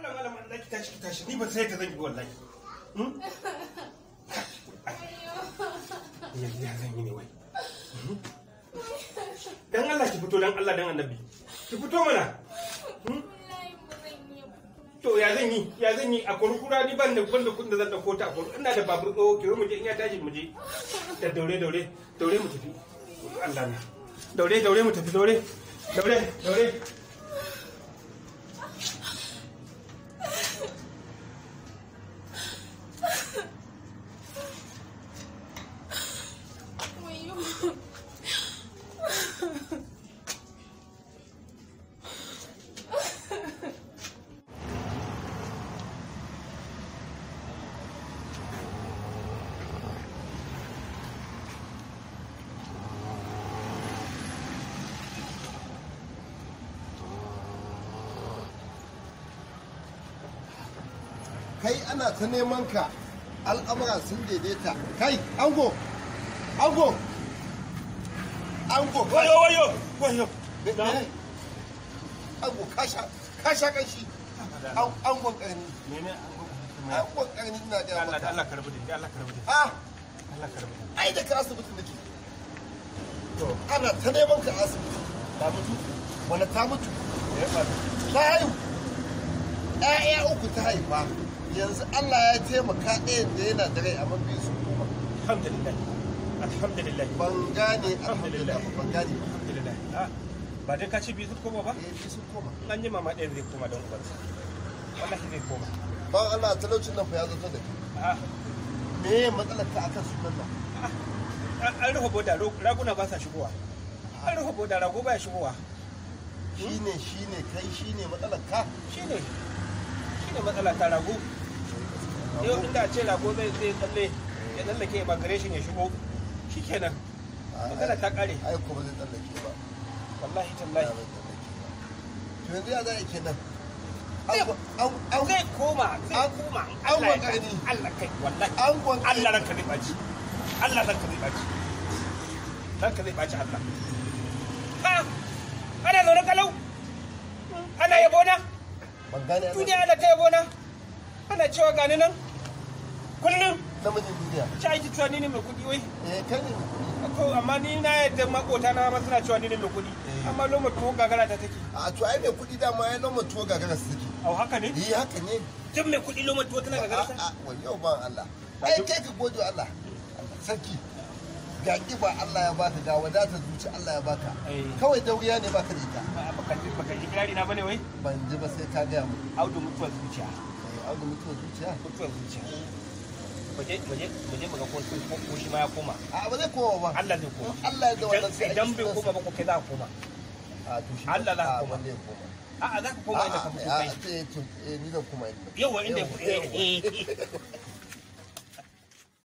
Allah malam Allah ki tashi ki tashi ni ba sai ta zan yi wallahi hmm? yanzu ya zan ne wai hmm? dan Allah ki fito dan Allah dan annabi ki fito mana hmm? to ya zan yi ya zan yi a kurkura ni ban da ban da kudin da zan dauko ta a kurkura ina da babur tsawo ki mu je in ya tashi mu je da daure daure daure mu tafi Allah na daure daure mu tafi daure daure daure 开安娜村那门口，俺俺们家兄弟在这。开，阿哥，阿哥。ango wayo wayo wayo ango kasha kasha kashi angon karni mene angon karni ina da Allah Allah karbi din Allah karbi din ah Allah karbi din ai da ka asibitin dake to ana ta neman ka asibiti ta mutu wala ta mutu ta haihu ƴaƴa uku ta haifa yanzu Allah ya taimaka ɗayan da yana da rai a mafi su kuma alhamdulillah alhamdulillah ban gane alhamdulillah ban gane alhamdulillah ah, ba dai ka ci bisu koma ba eh koma an yi mama ɗaya zai koma don ubansa wallahi zai koma ban Allah talaucin nan fa ya zato da kai ah. me ye matsalar ka akan sunan nan ah, an rufe boda raguna ba sa shigowa an rufe boda rago ba ya shigowa shine shine kai shine matsalar ka shine shine matsalar ta rago yau inda ce rago zai tsalle ya tsallake immigration ya shigo kenan, magana ta kare ai ko ba zai tsallake ba wallahi tallahi to yanzu ya zai kenan zai koma zai koma Allah ya kai Allah kai wallahi an gon Allah ranka zai baci Allah ranka zai baci ranka zai baci Allah ana zaune kalau ana yabona ban gane ana ta yabona ana cewa gani nan kullum namijin duniya ta yi cewa ni ne mai kuɗi wai eh kai ne to amma ni na yadda makota na ma suna cewa ni ne mai kuɗi eh. amma loma tuwo gagara ta take a to ai mai kuɗi dama ya loma tuwo gagara su take au haka ne eh haka ne tun mai kuɗi loma tuwo tana gagara ta a wa yau ban Allah ai kai ka gode Allah sarki ga kiba Allah ya baka ga wadata zuci Allah ya baka eh. kawai dauriya ne baka da ita baka ji baka ji kirari na bane wai ban ji ba sai ka ga mu audu mutuwar zuciya eh, audu mutuwar zuciya mutuwar zuciya muje muje muje mu ga ko sun ko shi ma ya koma a ba zai koma ba Allah zai koma Allah ya wannan sai idan bai koma ba ko kai za ka koma a to shi Allah za ka koma zai koma a a za ka koma inda ka fito kai a eh, eh, ni zan koma inda yau inda eh